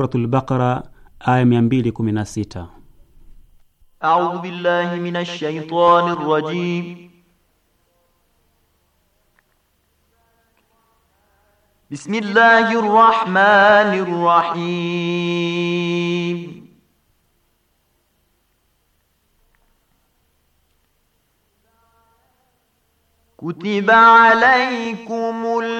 Suratul Baqara aya 216. A'udhu billahi minash shaitani rrajim. Bismillahir rahmanir rahim. Kutiba alaykum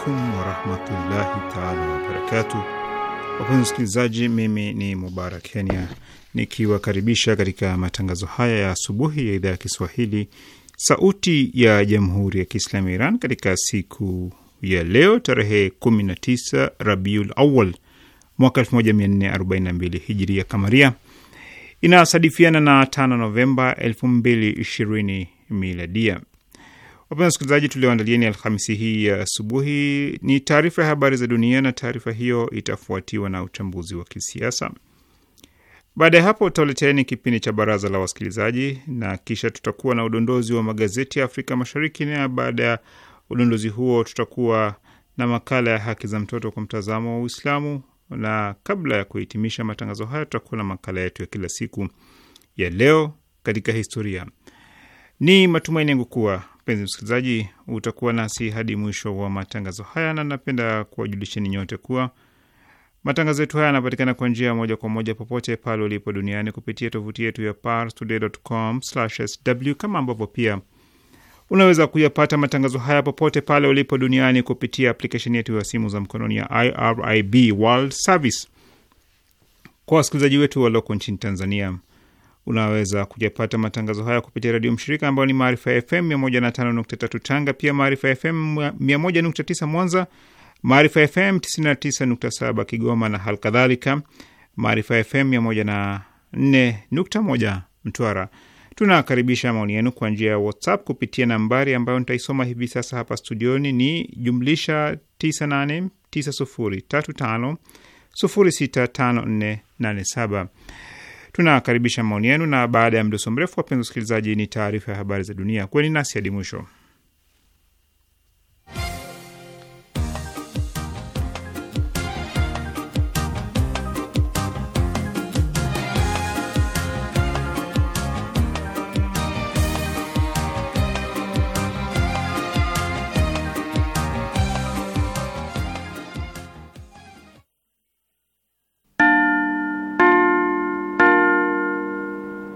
alaikum warahmatullahi taala wabarakatuh. Wapenzi wasikilizaji, mimi ni Mubarak Kenya nikiwakaribisha katika matangazo haya ya asubuhi ya idhaa ya Kiswahili Sauti ya Jamhuri ya Kiislamu ya Iran katika siku ya leo tarehe 19 Rabiul Awal mwaka 1442 hijiria Kamaria, inasadifiana na 5 Novemba 2020 Miladia. Wapenzi wasikilizaji, tulioandalieni Alhamisi hii ya asubuhi ni taarifa ya habari za dunia, na taarifa hiyo itafuatiwa na uchambuzi wa kisiasa. Baada ya hapo, tutaleteeni kipindi cha baraza la wasikilizaji na kisha tutakuwa na udondozi wa magazeti ya Afrika Mashariki, na baada ya udondozi huo tutakuwa na makala ya haki za mtoto kwa mtazamo wa Uislamu, na kabla ya kuhitimisha matangazo haya tutakuwa na makala yetu ya kila siku ya leo katika historia. Ni matumaini yangu kuwa mpenzi msikilizaji, utakuwa nasi hadi mwisho wa matangazo haya, na napenda kuwajulisheni nyote kuwa matangazo yetu haya yanapatikana kwa njia moja kwa moja popote pale ulipo duniani kupitia tovuti yetu ya parstoday.com/sw, kama ambavyo pia unaweza kuyapata matangazo haya popote pale ulipo duniani kupitia aplikesheni yetu ya simu za mkononi ya IRIB World Service. Kwa wasikilizaji wetu walioko nchini Tanzania Unaweza kujapata matangazo haya kupitia redio mshirika ambayo ni Maarifa ya FM 105.3 Tanga, pia Maarifa FM 101.9 Mwanza, Maarifa FM 99.7 Kigoma na hali kadhalika Maarifa FM 104.1 Mtwara. Tunakaribisha maoni yenu kwa njia ya WhatsApp kupitia nambari ambayo nitaisoma hivi sasa hapa studioni, ni jumlisha 989035065487. Tunakaribisha maoni yenu, na baada ya mdoso mrefu, wapenzi wasikilizaji, ni taarifa ya habari za dunia. Kweni nasi hadi mwisho.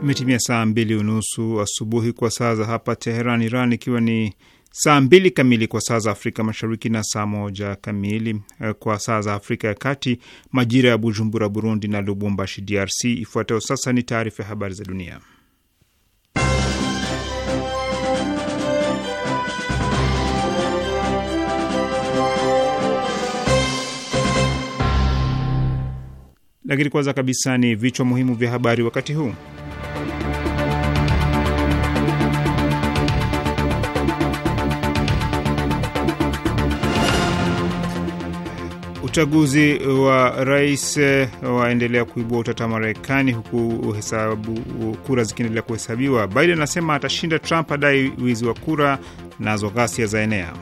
Imetimia saa mbili unusu asubuhi kwa saa za hapa Teheran, Iran, ikiwa ni saa mbili kamili kwa saa za Afrika Mashariki na saa moja kamili eh, kwa saa za Afrika ya Kati, majira ya Bujumbura, Burundi, na Lubumbashi, DRC. Ifuatayo sasa ni taarifa ya habari za dunia, lakini kwanza kabisa ni vichwa muhimu vya habari wakati huu. Uchaguzi wa rais eh, waendelea kuibua utata Marekani, huku hesabu kura zikiendelea kuhesabiwa. Biden anasema atashinda, Trump adai wizi wa kura, nazo ghasia za enea.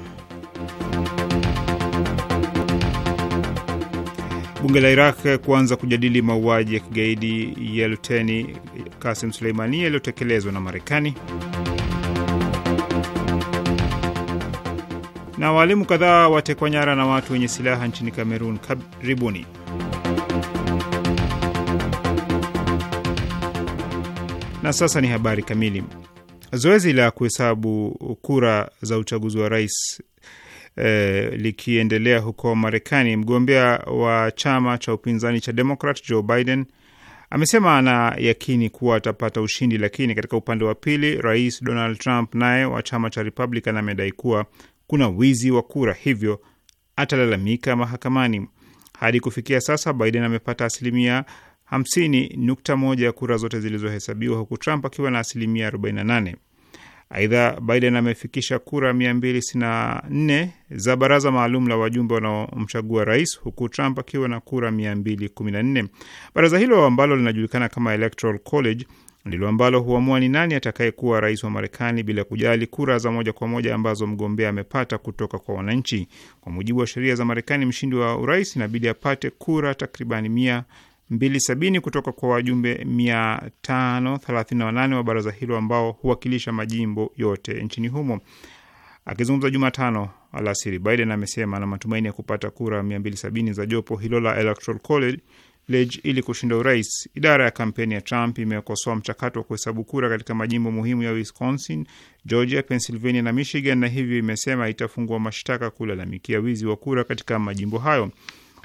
Bunge la Iraq kuanza kujadili mauaji ya kigaidi ya luteni Kasim Suleimani yaliyotekelezwa na Marekani. na waalimu kadhaa watekwa nyara na watu wenye silaha nchini Kamerun. Karibuni. Na sasa ni habari kamili. Zoezi la kuhesabu kura za uchaguzi wa rais eh, likiendelea huko Marekani, mgombea wa chama cha upinzani cha Demokrat Joe Biden amesema ana yakini kuwa atapata ushindi, lakini katika upande wa pili, rais Donald Trump naye wa chama cha Republican amedai kuwa kuna wizi wa kura, hivyo atalalamika mahakamani. Hadi kufikia sasa Biden amepata asilimia 50.1 ya kura zote zilizohesabiwa huku Trump akiwa na asilimia 48. Aidha, Biden amefikisha kura 264 za baraza maalum la wajumbe wanaomchagua rais huku Trump akiwa na kura 214. Baraza hilo ambalo linajulikana kama Electoral College ndilo ambalo huamua ni nani atakayekuwa rais wa Marekani bila kujali kura za moja kwa moja ambazo mgombea amepata kutoka kwa wananchi. Kwa mujibu wa sheria za Marekani, mshindi wa urais inabidi apate kura takribani mia sabini kutoka kwa wajumbe 538 wa baraza hilo ambao huwakilisha majimbo yote nchini humo. Akizungumza Jumatano alasiri, Biden amesema na matumaini ya kupata kura sabini za jopo hilo la Electoral College pledge ili kushinda urais. Idara ya kampeni ya Trump imekosoa mchakato wa kuhesabu kura katika majimbo muhimu ya Wisconsin, Georgia, Pennsylvania na Michigan, na hivyo imesema itafungua mashtaka kulalamikia wizi wa kura katika majimbo hayo.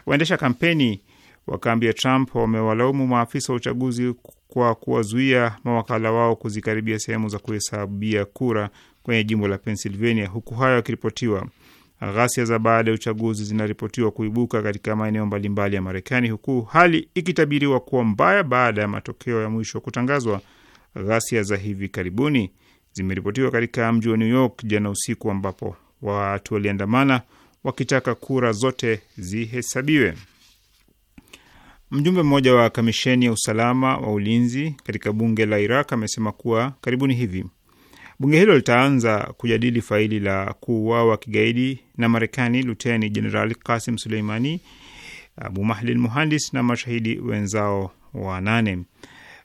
Waendesha kampeni wa kambi ya Trump wamewalaumu maafisa wa uchaguzi kwa kuwazuia mawakala wao kuzikaribia sehemu za kuhesabia kura kwenye jimbo la Pennsylvania, huku hayo yakiripotiwa Ghasia za baada ya uchaguzi zinaripotiwa kuibuka katika maeneo mbalimbali ya Marekani, huku hali ikitabiriwa kuwa mbaya baada ya matokeo ya mwisho kutangazwa. Ghasia za hivi karibuni zimeripotiwa katika mji wa New York jana usiku, ambapo watu waliandamana wakitaka kura zote zihesabiwe. Mjumbe mmoja wa kamisheni ya usalama wa ulinzi katika bunge la Iraq amesema kuwa karibuni hivi Bunge hilo litaanza kujadili faili la kuuawa kigaidi na Marekani Luteni Jenerali Kasim Suleimani, Abu Mahlil Muhandis na mashahidi wenzao wanane.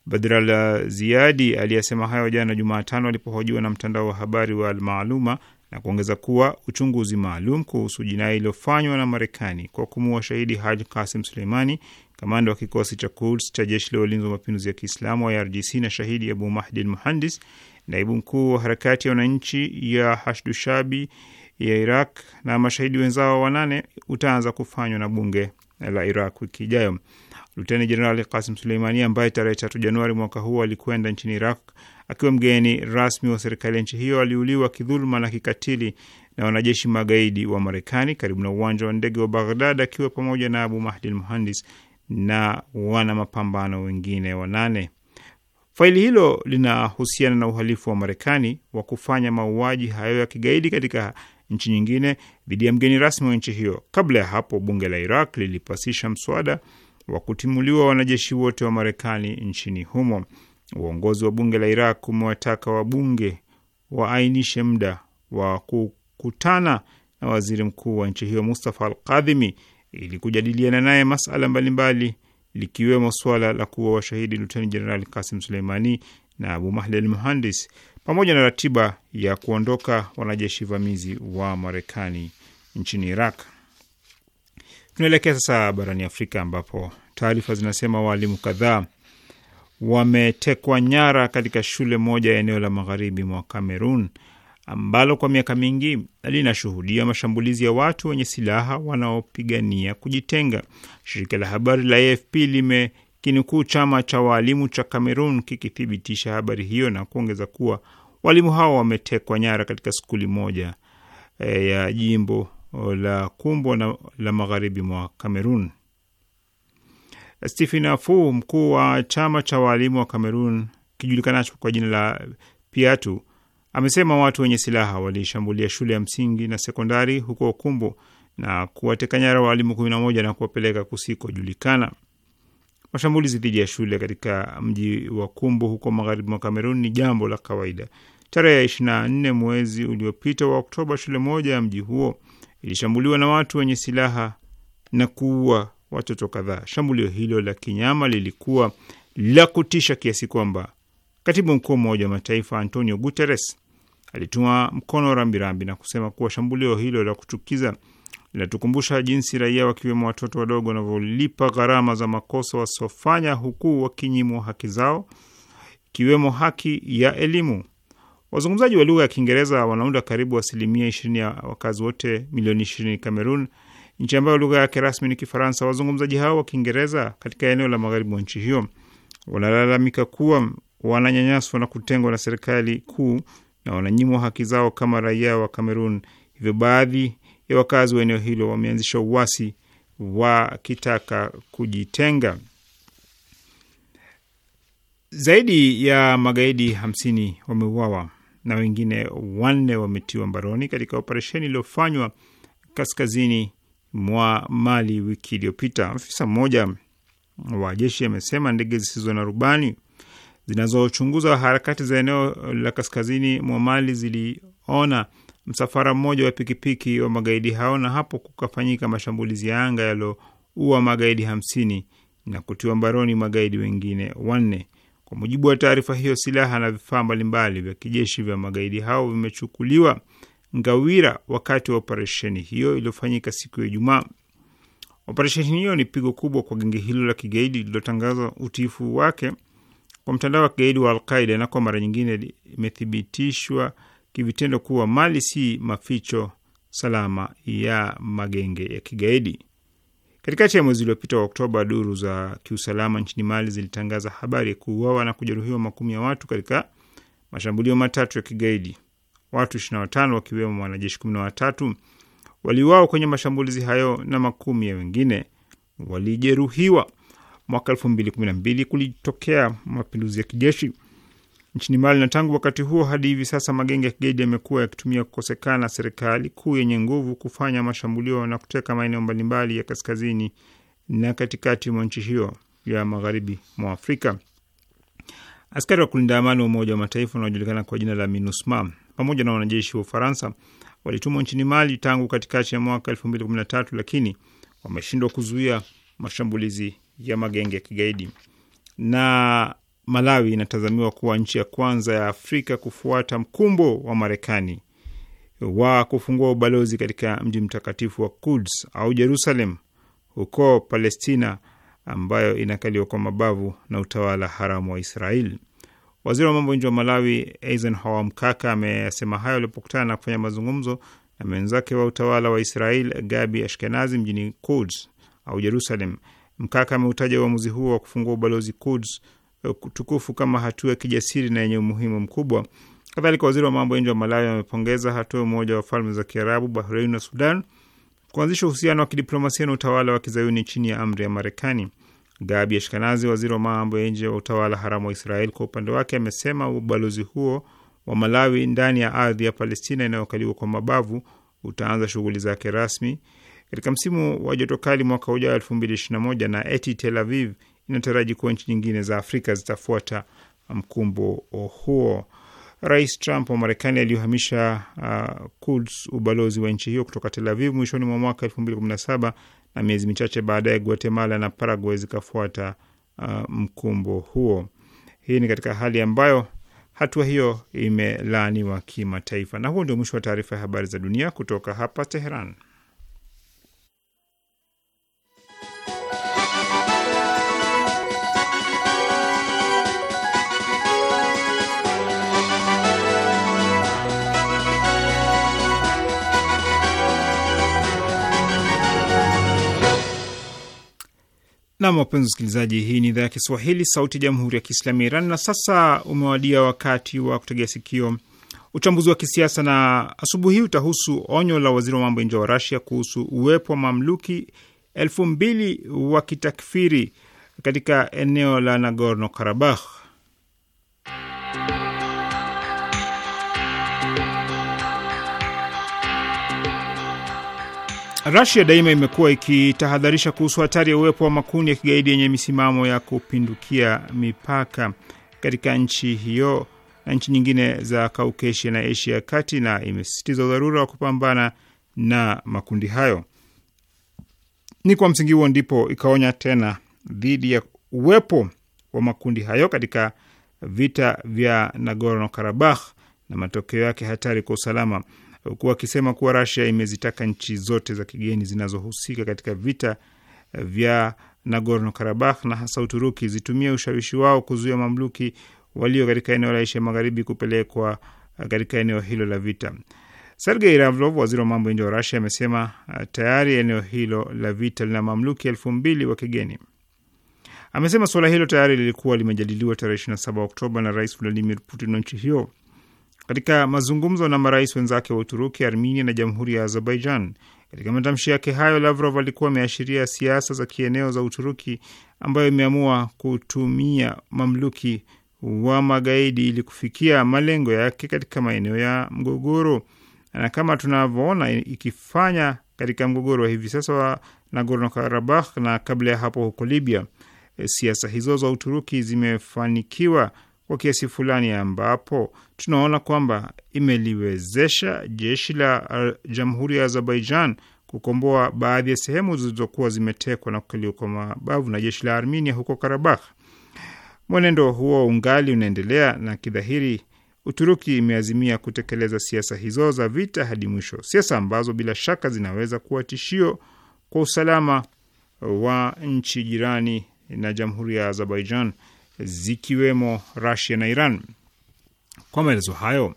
Badral Ziadi aliyesema hayo jana Jumatano alipohojiwa na mtandao wa habari wa Almaaluma na kuongeza kuwa uchunguzi maalum kuhusu jinai iliyofanywa na Marekani kwa kumuua shahidi haj Kasim Suleimani, kamanda wa kikosi cha Quds cha jeshi la ulinzi wa mapinduzi ya Kiislamu IRGC na shahidi Abu Mahdi Muhandis naibu mkuu wa harakati ya wananchi ya Hashdushabi ya Iraq na mashahidi wenzao wanane utaanza kufanywa na bunge la Iraq wiki ijayo. Luteni Jenerali Kasim Suleimani ambaye tarehe tatu Januari mwaka huu alikwenda nchini Iraq akiwa mgeni rasmi wa serikali ya nchi hiyo aliuliwa kidhuluma na kikatili na wanajeshi magaidi wa Marekani karibu na uwanja wa ndege wa Baghdad akiwa pamoja na Abu Mahdi al-Muhandis na wana mapambano wengine wanane. Faili hilo linahusiana na uhalifu wa Marekani wa kufanya mauaji hayo ya kigaidi katika nchi nyingine dhidi ya mgeni rasmi wa nchi hiyo. Kabla ya hapo, bunge la Iraq lilipasisha mswada wa kutimuliwa wanajeshi wote wa Marekani nchini humo. Uongozi wa bunge la Iraq umewataka wabunge waainishe muda wa kukutana na waziri mkuu wa nchi hiyo Mustafa Al Kadhimi ili kujadiliana naye masala mbalimbali mbali likiwemo suala la kuwa washahidi Luteni Jenerali Kasim Suleimani na Abu Mahdi al Muhandis pamoja na ratiba ya kuondoka wanajeshi vamizi wa Marekani nchini Iraq. Tunaelekea sasa barani Afrika ambapo taarifa zinasema waalimu kadhaa wametekwa nyara katika shule moja ya eneo la magharibi mwa Kamerun ambalo kwa miaka mingi linashuhudia mashambulizi ya watu wenye silaha wanaopigania kujitenga. Shirika la habari la AFP limekinukuu chama cha waalimu cha Cameroon kikithibitisha habari hiyo na kuongeza kuwa walimu hao wametekwa nyara katika skuli moja e, ya jimbo la kumbwa na la magharibi mwa cameron Stephen Afu, mkuu wa chama cha waalimu wa Cameroon kijulikanacho kwa jina la Piatu Amesema watu wenye silaha walishambulia shule ya msingi na sekondari huko kumbu na kuwateka nyara waalimu kumi na kuwapeleka kusikojulikana. Mashambulizi dhidi ya shule katika mji wa Kumbu huko magharibi mwa Kamerun ni jambo la kawaida. Tarehe nne mwezi uliopita wa Oktoba, shule moja ya mji huo ilishambuliwa na watu wenye silaha na kuua watoto kadhaa. Shambulio hilo la kinyama lilikuwa la kutisha kiasi kwamba Katibu mkuu wa Umoja wa Mataifa Antonio Guterres alituma mkono rambirambi na kusema kuwa shambulio hilo la kuchukiza linatukumbusha jinsi raia wakiwemo watoto wadogo wanavyolipa gharama za makosa wasiofanya huku wakinyimwa haki zao ikiwemo haki ya elimu. Wazungumzaji wa lugha ya Kiingereza wanaunda karibu asilimia ishirini ya wakazi wote milioni ishirini Kamerun, nchi ambayo lugha yake rasmi ni Kifaransa. Wazungumzaji hao wa Kiingereza katika eneo la magharibi wa nchi hiyo wanalalamika kuwa wananyanyaswa na kutengwa na serikali kuu na wananyimwa haki zao kama raia wa Kamerun. Hivyo baadhi ya wakazi wa eneo hilo wameanzisha uasi wakitaka kujitenga. Zaidi ya magaidi hamsini wameuawa na wengine wanne wametiwa mbaroni katika operesheni iliyofanywa kaskazini mwa Mali wiki iliyopita. Afisa mmoja wa jeshi amesema ndege zisizo na rubani zinazochunguza harakati za eneo la kaskazini mwa Mali ziliona msafara mmoja wa pikipiki wa magaidi hao, na hapo kukafanyika mashambulizi ya anga yaliyoua magaidi hamsini na kutiwa mbaroni magaidi wengine wanne. Kwa mujibu wa taarifa hiyo, silaha na vifaa mbalimbali vya kijeshi vya magaidi hao vimechukuliwa ngawira wakati wa operesheni hiyo iliyofanyika siku ya Ijumaa. Operesheni hiyo ni pigo kubwa kwa genge hilo la kigaidi lililotangaza utiifu wake kwa mtandao wa kigaidi wa Alqaida na kwa mara nyingine imethibitishwa kivitendo kuwa Mali si maficho salama ya magenge ya kigaidi. Katikati ya mwezi uliopita wa Oktoba, duru za kiusalama nchini Mali zilitangaza habari ya kuuawa na kujeruhiwa makumi ya watu katika mashambulio matatu ya kigaidi. Watu 25 wakiwemo wanajeshi 13 waliuawa kwenye mashambulizi hayo na makumi ya wengine walijeruhiwa mwaka elfu mbili kumi na mbili kulitokea mapinduzi ya kijeshi nchini Mali, na tangu wakati huo hadi hivi sasa magenge ya kigaidi yamekuwa yakitumia kukosekana serikali kuu yenye nguvu kufanya mashambulio na kuteka maeneo mbalimbali ya kaskazini na katikati mwa nchi hiyo ya magharibi mwa Afrika. Askari wa kulinda amani wa Umoja wa Mataifa wanaojulikana kwa jina la MINUSMA pamoja na wanajeshi wa Ufaransa walitumwa nchini Mali tangu katikati ya mwaka elfu mbili kumi na tatu lakini wameshindwa kuzuia mashambulizi ya magenge ya kigaidi. Na Malawi inatazamiwa kuwa nchi ya kwanza ya Afrika kufuata mkumbo wa Marekani wa kufungua ubalozi katika mji mtakatifu wa Kuds au Jerusalem huko Palestina ambayo inakaliwa kwa mabavu na utawala haramu wa israel Waziri wa mambo nje wa Malawi Eisenhower Mkaka ameyasema hayo alipokutana na kufanya mazungumzo na mwenzake wa utawala wa Israel Gabi Ashkenazi mjini Kuds au Jerusalem. Mkaka ameutaja uamuzi huo wa kufungua ubalozi Quds eh, tukufu kama hatua ya kijasiri na yenye umuhimu mkubwa. Kadhalika, waziri wa mambo ya nje wa Malawi amepongeza hatua ya Umoja wa Falme za Kiarabu, Bahrain na Sudan kuanzisha uhusiano wa kidiplomasia na utawala wa kizayuni chini ya amri ya Marekani. Gabi Ashkenazi, waziri wa mambo ya nje wa utawala haramu wa Israel, kwa upande wake amesema ubalozi huo wa Malawi ndani ya ardhi ya Palestina inayokaliwa kwa mabavu utaanza shughuli zake rasmi katika msimu wa joto kali mwaka ujao elfu mbili 2021 na moja na eti Tel Aviv inataraji kuwa nchi nyingine za Afrika zitafuata mkumbo huo. Rais Trump wa Marekani aliyohamisha uh, Quds, ubalozi wa nchi hiyo kutoka Tel Aviv mwishoni mwa mwaka elfu mbili kumi na saba na miezi michache baadaye Guatemala na Paraguay zikafuata uh, mkumbo huo. Hii ni katika hali ambayo hatua hiyo imelaaniwa kimataifa. Na huo ndio mwisho wa taarifa ya habari za dunia kutoka hapa Teheran. Nam, wapenzi wasikilizaji, hii ni idhaa ya Kiswahili sauti ya jamhuri ya kiislamu ya Iran. Na sasa umewadia wakati wa kutegea sikio uchambuzi wa kisiasa, na asubuhi hii utahusu onyo la waziri wa mambo ya nje wa Rasia kuhusu uwepo wa mamluki elfu mbili wa kitakfiri katika eneo la Nagorno Karabakh. Rasia daima imekuwa ikitahadharisha kuhusu hatari ya uwepo wa makundi ya kigaidi yenye misimamo ya kupindukia mipaka katika nchi hiyo na nchi nyingine za Kaukesia na Asia ya kati, na imesisitiza udharura wa kupambana na makundi hayo. Ni kwa msingi huo ndipo ikaonya tena dhidi ya uwepo wa makundi hayo katika vita vya Nagorno Karabakh na matokeo yake hatari kwa usalama huku wakisema kuwa Rasia imezitaka nchi zote za kigeni zinazohusika katika vita eh, vya Nagorno Karabakh na hasa Uturuki zitumie ushawishi wao kuzuia mamluki walio katika eneo la Asia Magharibi kupelekwa eh, katika eneo hilo la vita. Sergei Lavrov, waziri wa mambo ya nje wa Rasia, amesema eh, tayari eneo hilo la vita lina mamluki elfu mbili wa kigeni. Amesema suala hilo tayari lilikuwa limejadiliwa tarehe 27 Oktoba na Rais Vladimir Putin wa nchi hiyo katika mazungumzo na marais wenzake wa Uturuki, Armenia na jamhuri ya Azerbaijan. Katika matamshi yake hayo, Lavrov alikuwa ameashiria siasa za kieneo za Uturuki ambayo imeamua kutumia mamluki wa magaidi ili kufikia malengo yake katika maeneo ya mgogoro, na kama tunavyoona ikifanya katika mgogoro wa hivi sasa wa Nagorno Karabakh na kabla ya hapo huko Libya. Siasa hizo za Uturuki zimefanikiwa kwa kiasi fulani, ambapo tunaona kwamba imeliwezesha jeshi la jamhuri ya Azerbaijan kukomboa baadhi ya sehemu zilizokuwa zimetekwa na kukaliwa kwa mabavu na jeshi la Armenia huko Karabakh. Mwenendo huo ungali unaendelea na kidhahiri Uturuki imeazimia kutekeleza siasa hizo za vita hadi mwisho, siasa ambazo bila shaka zinaweza kuwa tishio kwa usalama wa nchi jirani na jamhuri ya Azerbaijan zikiwemo Rusia na Iran. Kwa maelezo hayo,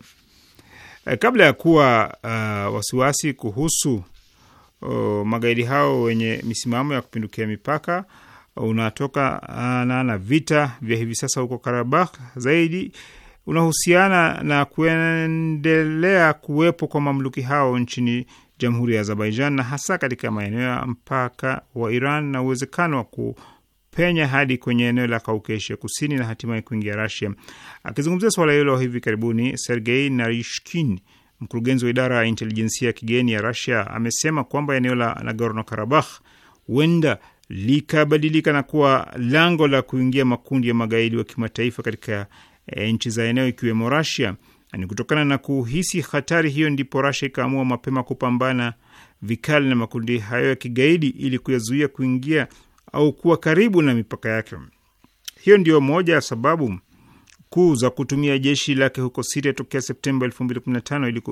eh, kabla ya kuwa uh, wasiwasi kuhusu uh, magaidi hao wenye misimamo ya kupindukia mipaka eh, unatokana ah, na vita vya hivi sasa huko Karabakh, zaidi unahusiana na kuendelea kuwepo kwa mamluki hao nchini Jamhuri ya Azerbaijan na hasa katika maeneo ya mpaka wa Iran na uwezekano wa ku kupenya hadi kwenye eneo la Kaukasia kusini na hatimaye kuingia Rasia. Akizungumzia suala hilo hivi karibuni, Sergei Narishkin, mkurugenzi wa idara ya intelijensia ya kigeni ya Rasia, amesema kwamba eneo la Nagorno Karabakh huenda likabadilika na kuwa lango la kuingia makundi ya magaidi wa kimataifa katika e, nchi za eneo ikiwemo Rasia. Ni kutokana na kuhisi hatari hiyo ndipo Rasia ikaamua mapema kupambana vikali na makundi hayo ya kigaidi ili kuyazuia kuingia au kuwa karibu na mipaka yake. Hiyo ndiyo moja ya sababu kuu za kutumia jeshi lake huko Siria tokea Septemba 2015 ili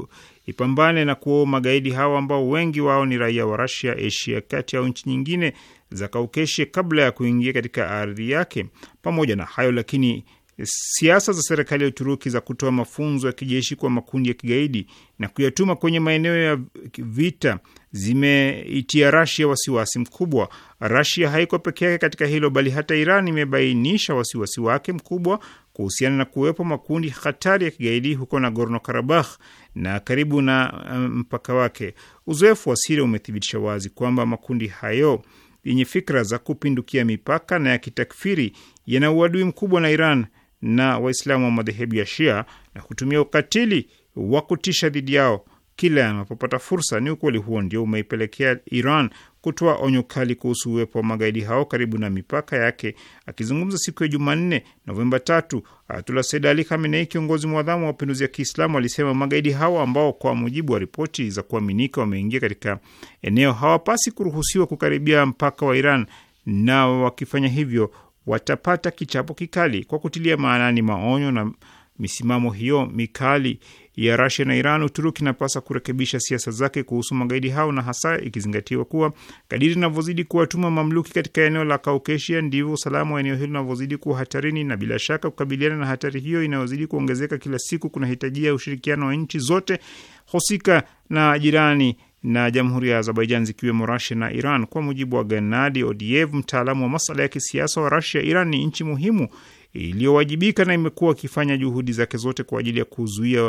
ipambane na kuwa magaidi hawa ambao wengi wao ni raia wa Rasia, Asia kati au nchi nyingine za kaukeshe kabla ya kuingia katika ardhi yake. Pamoja na hayo lakini siasa za serikali ya Uturuki za kutoa mafunzo ya kijeshi kwa makundi ya kigaidi na kuyatuma kwenye maeneo ya vita zimeitia Rasia wasiwasi mkubwa. Rasia haiko peke yake katika hilo, bali hata Iran imebainisha wasiwasi wake mkubwa kuhusiana na kuwepo makundi hatari ya kigaidi huko Nagorno Karabakh na karibu na eh, mpaka wake. Uzoefu wa Siria umethibitisha wazi kwamba makundi hayo yenye fikra za kupindukia mipaka na ya kitakfiri yana uadui mkubwa na Iran na Waislamu wa madhehebu ya Shia na kutumia ukatili wa kutisha dhidi yao kila anapopata fursa. Ni ukweli huo ndio umeipelekea Iran kutoa onyo kali kuhusu uwepo wa magaidi hao karibu na mipaka yake. Akizungumza siku ya Jumanne, Novemba tatu, Ayatullah Said Ali Khamenei, kiongozi mwadhamu wa mapinduzi ya Kiislamu, alisema magaidi hao ambao kwa mujibu wa ripoti za kuaminika wameingia katika eneo hawapasi kuruhusiwa kukaribia mpaka wa Iran, na wakifanya hivyo watapata kichapo kikali. Kwa kutilia maanani maonyo na misimamo hiyo mikali ya Rasia na Iran, Uturuki inapaswa kurekebisha siasa zake kuhusu magaidi hao, na hasa ikizingatiwa kuwa kadiri inavyozidi kuwatuma mamluki katika eneo la Kaukesia ndivyo usalama wa eneo hilo unavyozidi kuwa hatarini, na bila shaka kukabiliana na hatari hiyo inayozidi kuongezeka kila siku kunahitajia ushirikiano wa nchi zote husika na jirani na jamhuri ya Azerbaijan zikiwemo Rasia na Iran. Kwa mujibu wa Gennadi Odiev, mtaalamu wa masala ya kisiasa wa Rasia, Iran ni nchi muhimu iliyowajibika na imekuwa ikifanya juhudi zake zote kwa ajili ya kuzuia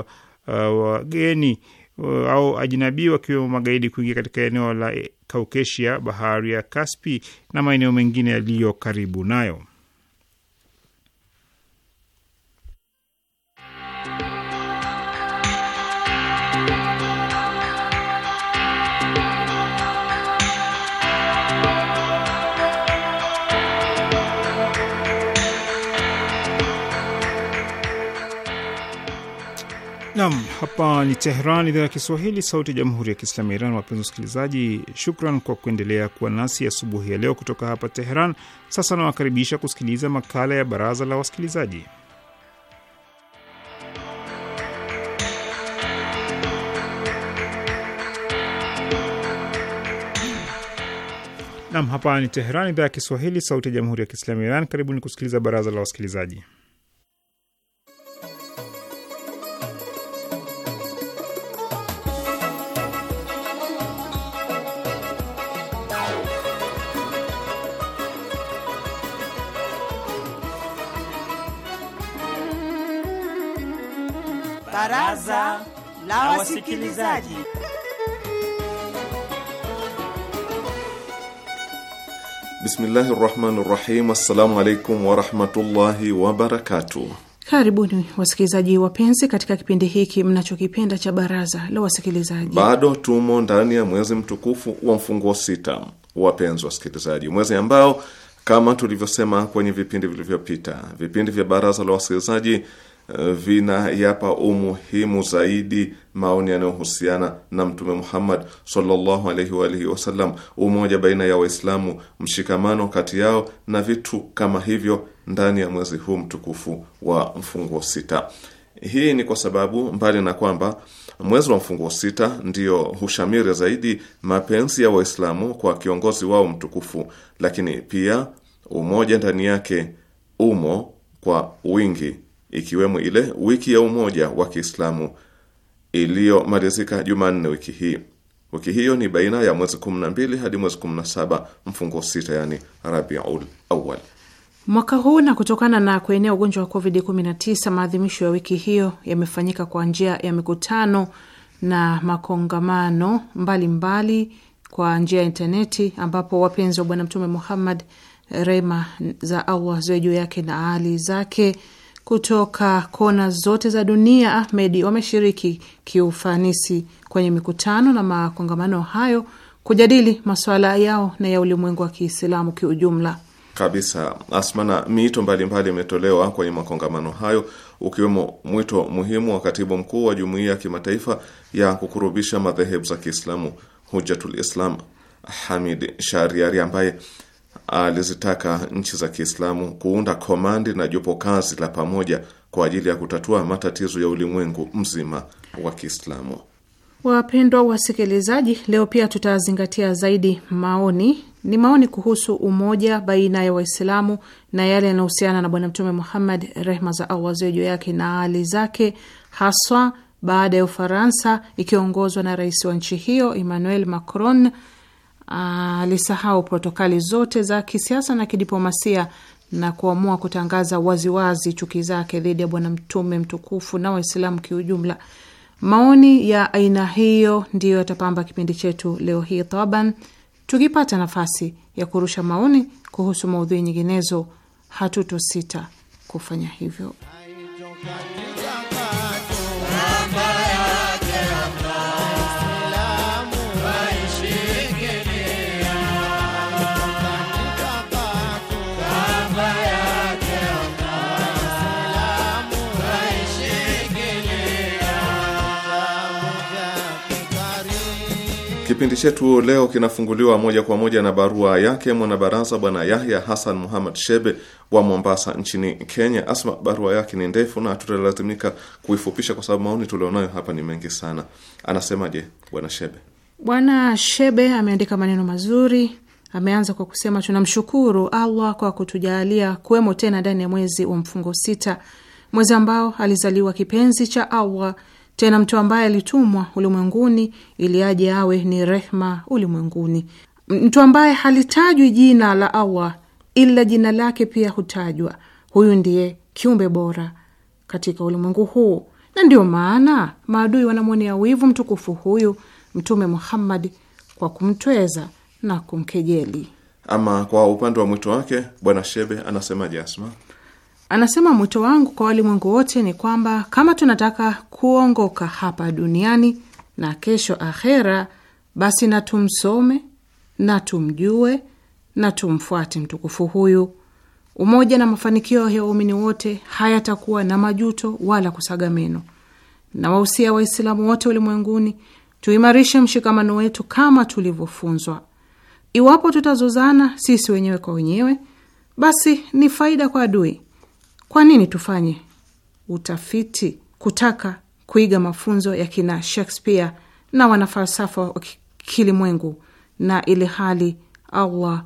uh, wageni uh, au ajinabii wakiwemo magaidi kuingia katika eneo la Kaukesia, bahari ya Kaspi na maeneo mengine yaliyo karibu nayo. Nam, hapa ni Tehran, idhaa ya Kiswahili, sauti ya jamhuri ya kiislamu ya Iran. Wapenzi wasikilizaji, shukran kwa kuendelea kuwa nasi asubuhi ya, ya leo kutoka hapa Teheran. Sasa nawakaribisha kusikiliza makala ya baraza la wasikilizaji. Nam, hapa ni Teheran, idhaa ya Kiswahili, sauti ya jamhuri ya kiislamu ya Iran. Karibuni kusikiliza baraza la wasikilizaji. Baraza la Wasikilizaji. Bismillahi rahmani rahim. Assalamu alaikum warahmatullahi wabarakatuh. Karibuni wasikilizaji wapenzi, katika kipindi hiki mnachokipenda cha Baraza la Wasikilizaji. Bado tumo ndani ya mwezi mtukufu wa mfunguo sita, wapenzi wasikilizaji, mwezi ambao kama tulivyosema kwenye vipindi vilivyopita, vipindi vya Baraza la Wasikilizaji Eh, vinayapa umuhimu zaidi maoni yanayohusiana na Mtume Muhammad sallallahu alaihi wa alihi wasallam, umoja baina ya Waislamu, mshikamano kati yao na vitu kama hivyo ndani ya mwezi huu mtukufu wa mfunguo sita. Hii ni kwa sababu mbali na kwamba mwezi wa mfunguo sita ndiyo hushamiri zaidi mapenzi ya Waislamu kwa kiongozi wao mtukufu, lakini pia umoja ndani yake umo kwa wingi ikiwemo ile wiki ya umoja wa Kiislamu iliyomalizika Jumanne wiki hii. Wiki hiyo ni baina ya mwezi 12 hadi mwezi 17 mfungo sita, yani Rabiul Awal mwaka huu. Na kutokana na kuenea ugonjwa wa COVID-19, maadhimisho ya wiki hiyo yamefanyika kwa njia ya mikutano na makongamano mbalimbali mbali kwa njia ya intaneti, ambapo wapenzi wa Bwana Mtume Muhammad, rehma za Allah ziwe juu yake na ali zake kutoka kona zote za dunia Ahmedi wameshiriki kiufanisi kwenye mikutano na makongamano hayo kujadili masuala yao na ya ulimwengu wa Kiislamu kiujumla kabisa. Asmana, miito mbalimbali imetolewa kwenye makongamano hayo ukiwemo mwito muhimu wa katibu mkuu wa jumuiya ya kimataifa ya kukurubisha madhehebu za Kiislamu Hujjatul Islam Hamid Shariari ambaye alizitaka nchi za Kiislamu kuunda komandi na jopo kazi la pamoja kwa ajili ya kutatua matatizo ya ulimwengu mzima wa Kiislamu. Wapendwa wasikilizaji, leo pia tutazingatia zaidi maoni ni maoni kuhusu umoja baina ya Waislamu na yale yanayohusiana na Bwana Mtume Muhammad, rehma za Allah ziwe juu yake na hali zake, haswa baada ya Ufaransa ikiongozwa na rais wa nchi hiyo Emmanuel Macron Ah, alisahau protokali zote za kisiasa na kidiplomasia na kuamua kutangaza waziwazi chuki zake dhidi ya Bwana Mtume mtukufu na Waislamu kiujumla. Maoni ya aina hiyo ndiyo yatapamba kipindi chetu leo hii taban, tukipata nafasi ya kurusha maoni kuhusu maudhui nyinginezo, hatutosita kufanya hivyo. Kipindi chetu leo kinafunguliwa moja kwa moja na barua yake mwanabaraza Bwana Yahya Hassan Muhammad Shebe wa Mombasa nchini Kenya. Asma, barua yake ni ndefu na tutalazimika kuifupisha kwa sababu maoni tulionayo hapa ni mengi sana. Anasemaje Bwana Shebe? Bwana Shebe ameandika maneno mazuri. Ameanza kwa kusema tunamshukuru Allah kwa kutujaalia kuwemo tena ndani ya mwezi wa mfungo sita, mwezi ambao alizaliwa kipenzi cha Allah tena mtu ambaye alitumwa ulimwenguni ili aje awe ni rehma ulimwenguni. Mtu ambaye halitajwi jina la Allah ila jina lake pia hutajwa, huyu ndiye kiumbe bora katika ulimwengu huu, na ndiyo maana maadui wanamwonea wivu mtukufu huyu Mtume Muhammad kwa kumtweza na kumkejeli. Ama kwa upande wa mwito wake, Bwana Shebe anasemaje Asma? Anasema mwito wangu kwa walimwengu wote ni kwamba kama tunataka kuongoka hapa duniani na kesho akhera, basi na tumsome na tumjue na tumfuate mtukufu huyu. Umoja na mafanikio ya waumini wote hayatakuwa na majuto wala kusaga meno. Na wahusia Waislamu wote ulimwenguni tuimarishe mshikamano wetu kama tulivyofunzwa. Iwapo tutazozana sisi wenyewe kwa wenyewe, basi ni faida kwa adui kwa nini tufanye utafiti kutaka kuiga mafunzo ya kina Shakespeare na wanafalsafa wa kilimwengu, na ili hali Allah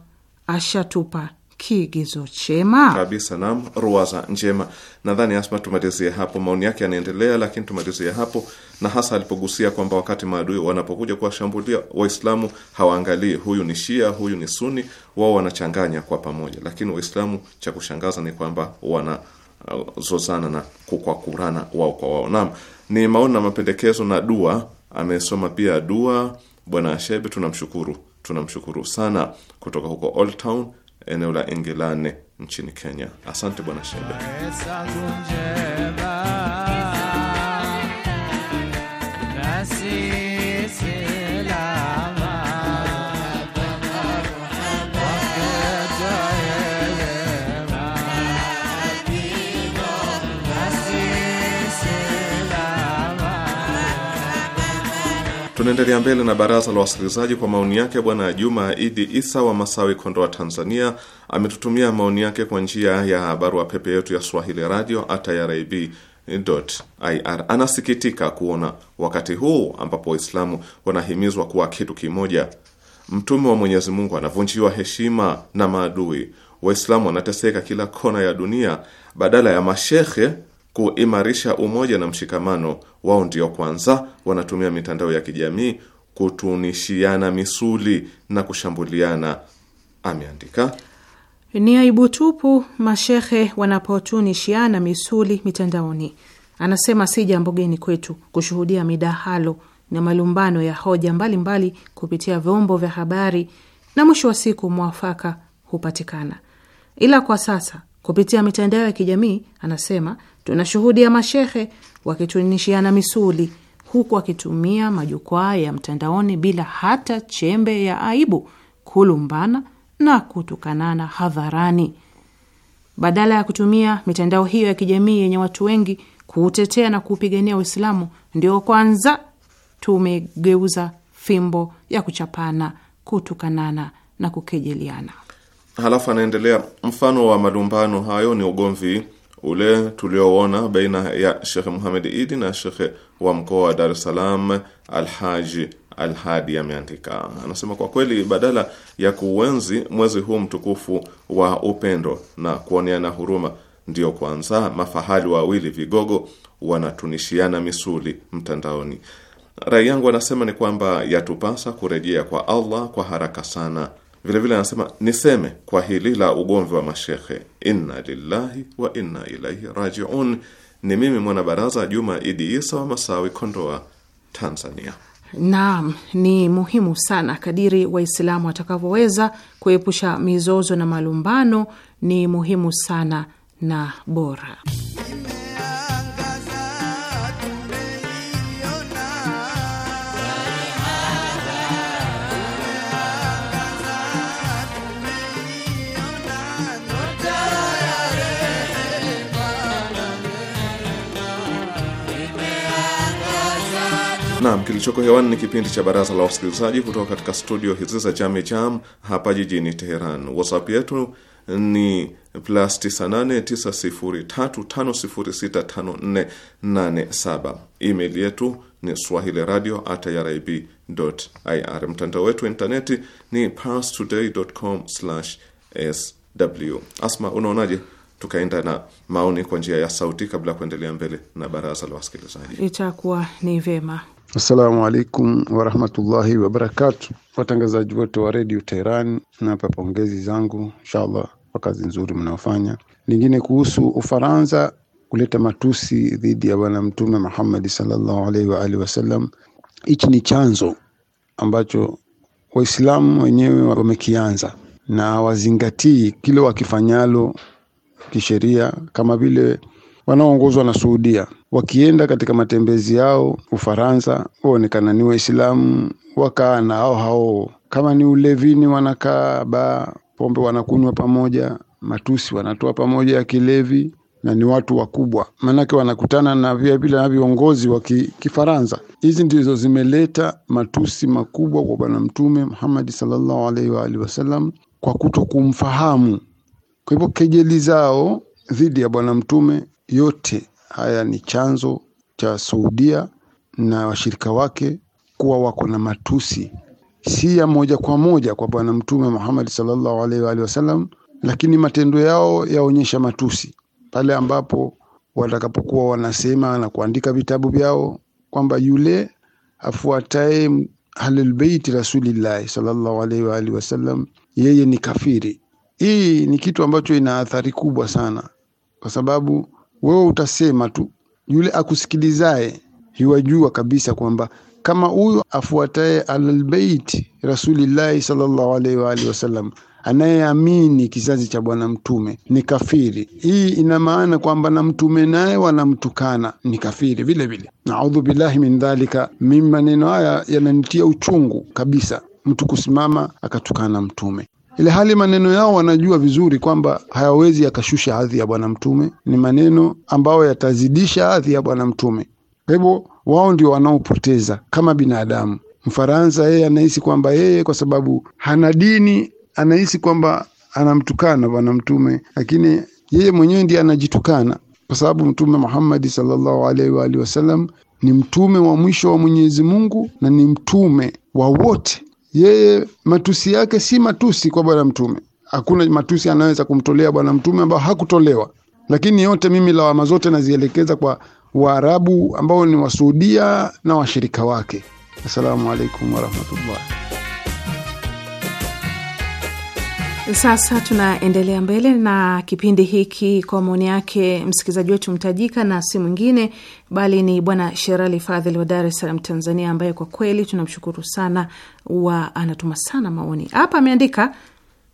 ashatupa kiigizo chema kabisa. Naam, ruwaza njema. Nadhani Asma, tumalizie hapo. Maoni yake yanaendelea, lakini tumalizie hapo, na hasa alipogusia kwamba wakati maadui wanapokuja kuwashambulia Waislamu hawaangalii huyu ni Shia, huyu ni Suni, wao wanachanganya kwa pamoja. Lakini Waislamu cha kushangaza ni kwamba wana zozana uh, na kukwakurana wao kwa wao. Naam, ni maoni na mapendekezo na dua. Amesoma pia dua Bwana Shebe, tunamshukuru tunamshukuru sana, kutoka huko Old Town, eneo la Engilane nchini Kenya. Asante Bwana Shebe. Tunaendelea mbele na baraza la wasikilizaji kwa maoni yake. Bwana Juma Idi Isa wa Masawi, Kondoa, Tanzania, ametutumia maoni yake kwa njia ya barua pepe yetu ya swahili radio irib ir. Anasikitika kuona wakati huu ambapo Waislamu wanahimizwa kuwa kitu kimoja, mtume wa Mwenyezi Mungu anavunjiwa heshima na maadui, Waislamu wanateseka kila kona ya dunia, badala ya mashehe kuimarisha umoja na mshikamano. Wao ndio kwanza wanatumia mitandao ya kijamii kutunishiana misuli na kushambuliana, ameandika. Ni aibu tupu mashehe wanapotunishiana misuli mitandaoni. Anasema si jambo geni kwetu kushuhudia midahalo na malumbano ya hoja mbalimbali mbali kupitia vyombo vya habari, na mwisho wa siku mwafaka hupatikana, ila kwa sasa kupitia mitandao ya kijamii. Anasema tunashuhudia mashehe wakitunishiana misuli, huku wakitumia majukwaa ya mtandaoni bila hata chembe ya aibu kulumbana na kutukanana hadharani. Badala ya kutumia mitandao hiyo ya kijamii yenye watu wengi kuutetea na kuupigania Uislamu, ndio kwanza tumegeuza fimbo ya kuchapana, kutukanana na kukejeliana. Halafu anaendelea, mfano wa malumbano hayo ni ugomvi ule tulioona baina ya Sheikh Muhammad Idi na Sheikh wa mkoa wa Dar es Salaam Alhaji Alhadi ameandika, anasema kwa kweli, badala ya kuuenzi mwezi huu mtukufu wa upendo na kuoneana huruma, ndiyo kwanza mafahali wawili vigogo wanatunishiana misuli mtandaoni. Rai yangu anasema ni kwamba yatupasa kurejea kwa Allah kwa haraka sana Vilevile anasema niseme kwa hili la ugomvi wa mashekhe, inna lillahi wa inna ilaihi rajiun. Ni mimi mwanabaraza Juma Idi Isa wa Masawi, Kondoa, Tanzania. Naam, ni muhimu sana kadiri Waislamu watakavyoweza kuepusha mizozo na malumbano, ni muhimu sana na bora Naam, kilichoko hewani ni kipindi cha baraza la wasikilizaji kutoka katika studio hizi za Jame Jam hapa jijini Teheran. WhatsApp yetu ni plus 989035065487. Email yetu ni swahili radio at irib ir. Mtandao wetu wa intaneti ni parstoday.com sw. Asma, unaonaje tukaenda na maoni kwa njia ya sauti kabla ya kuendelea mbele na baraza la wasikilizaji? Itakuwa ni vyema. Assalamu alaikum warahmatullahi wabarakatu, watangazaji wote wa redio Teherani, nawapa pongezi zangu inshallah kwa kazi nzuri mnaofanya. Lingine kuhusu Ufaransa kuleta matusi dhidi ya Bwana Mtume Muhammadi sallallahu alaihi wa alihi wasallam, hichi ni chanzo ambacho Waislamu wenyewe wamekianza na wazingatii kile wakifanyalo kisheria, kama vile wanaoongozwa na suudia wakienda katika matembezi yao Ufaransa, waonekana ni Waislamu, wakaa na hao hao. Kama ni ulevini, wanakaa baa, pombe wanakunywa pamoja, matusi wanatoa pamoja ya kilevi, na ni watu wakubwa, maanake wanakutana na vilevile na viongozi wa Kifaransa. Hizi ndizo zimeleta matusi makubwa kwa Bwana Mtume muhammadi sallallahu alaihi wa alihi wasallam kwa kuto kumfahamu. Kwa hivyo kejeli zao dhidi ya Bwana Mtume. Yote haya ni chanzo cha Saudia na washirika wake kuwa wako na matusi, si ya moja kwa moja kwa Bwana Mtume Muhammad sallallahu alaihi wa alihi wasallam, lakini matendo yao yaonyesha matusi pale ambapo watakapokuwa wanasema na kuandika vitabu vyao kwamba yule afuataye Ahlulbeiti Rasulillahi sallallahu alaihi wa alihi wasallam yeye ni kafiri. Hii ni kitu ambacho ina athari kubwa sana kwa sababu wewe utasema tu, yule akusikilizaye yuwajua kabisa kwamba kama huyu afuataye alalbeiti rasulillahi sallallahu alaihi wa alihi wasallam anayeamini kizazi cha bwana mtume ni kafiri. Hii ina maana kwamba na mtume naye wanamtukana ni kafiri vile vile, naudhu billahi min dhalika. Mimi maneno haya yananitia uchungu kabisa, mtu kusimama akatukana mtume ile hali maneno yao wanajua vizuri kwamba hayawezi yakashusha hadhi ya Bwana Mtume, ni maneno ambayo yatazidisha hadhi ya Bwana Mtume. Kwa hivyo wao ndio wanaopoteza kama binadamu. Mfaransa yeye anahisi kwamba yeye kwa sababu hana dini, anahisi kwamba anamtukana Bwana Mtume, lakini yeye mwenyewe ndiye anajitukana kwa sababu Mtume Muhammad sallallahu alaihi wa alihi wasallam ni mtume wa mwisho wa Mwenyezi Mungu na ni mtume wa wote yeye matusi yake si matusi kwa Bwana Mtume. Hakuna matusi anaweza kumtolea Bwana Mtume ambao hakutolewa, lakini yote mimi lawama zote nazielekeza kwa Waarabu ambao ni Wasuudia na washirika wake. Assalamu alaikum warahmatullahi Sasa tunaendelea mbele na kipindi hiki kwa maoni yake msikilizaji wetu mtajika, na si mwingine bali ni Bwana Sherali Fadhili wa Dar es Salaam, Tanzania, ambaye kwa kweli tunamshukuru sana, wa anatuma sana maoni hapa. Ameandika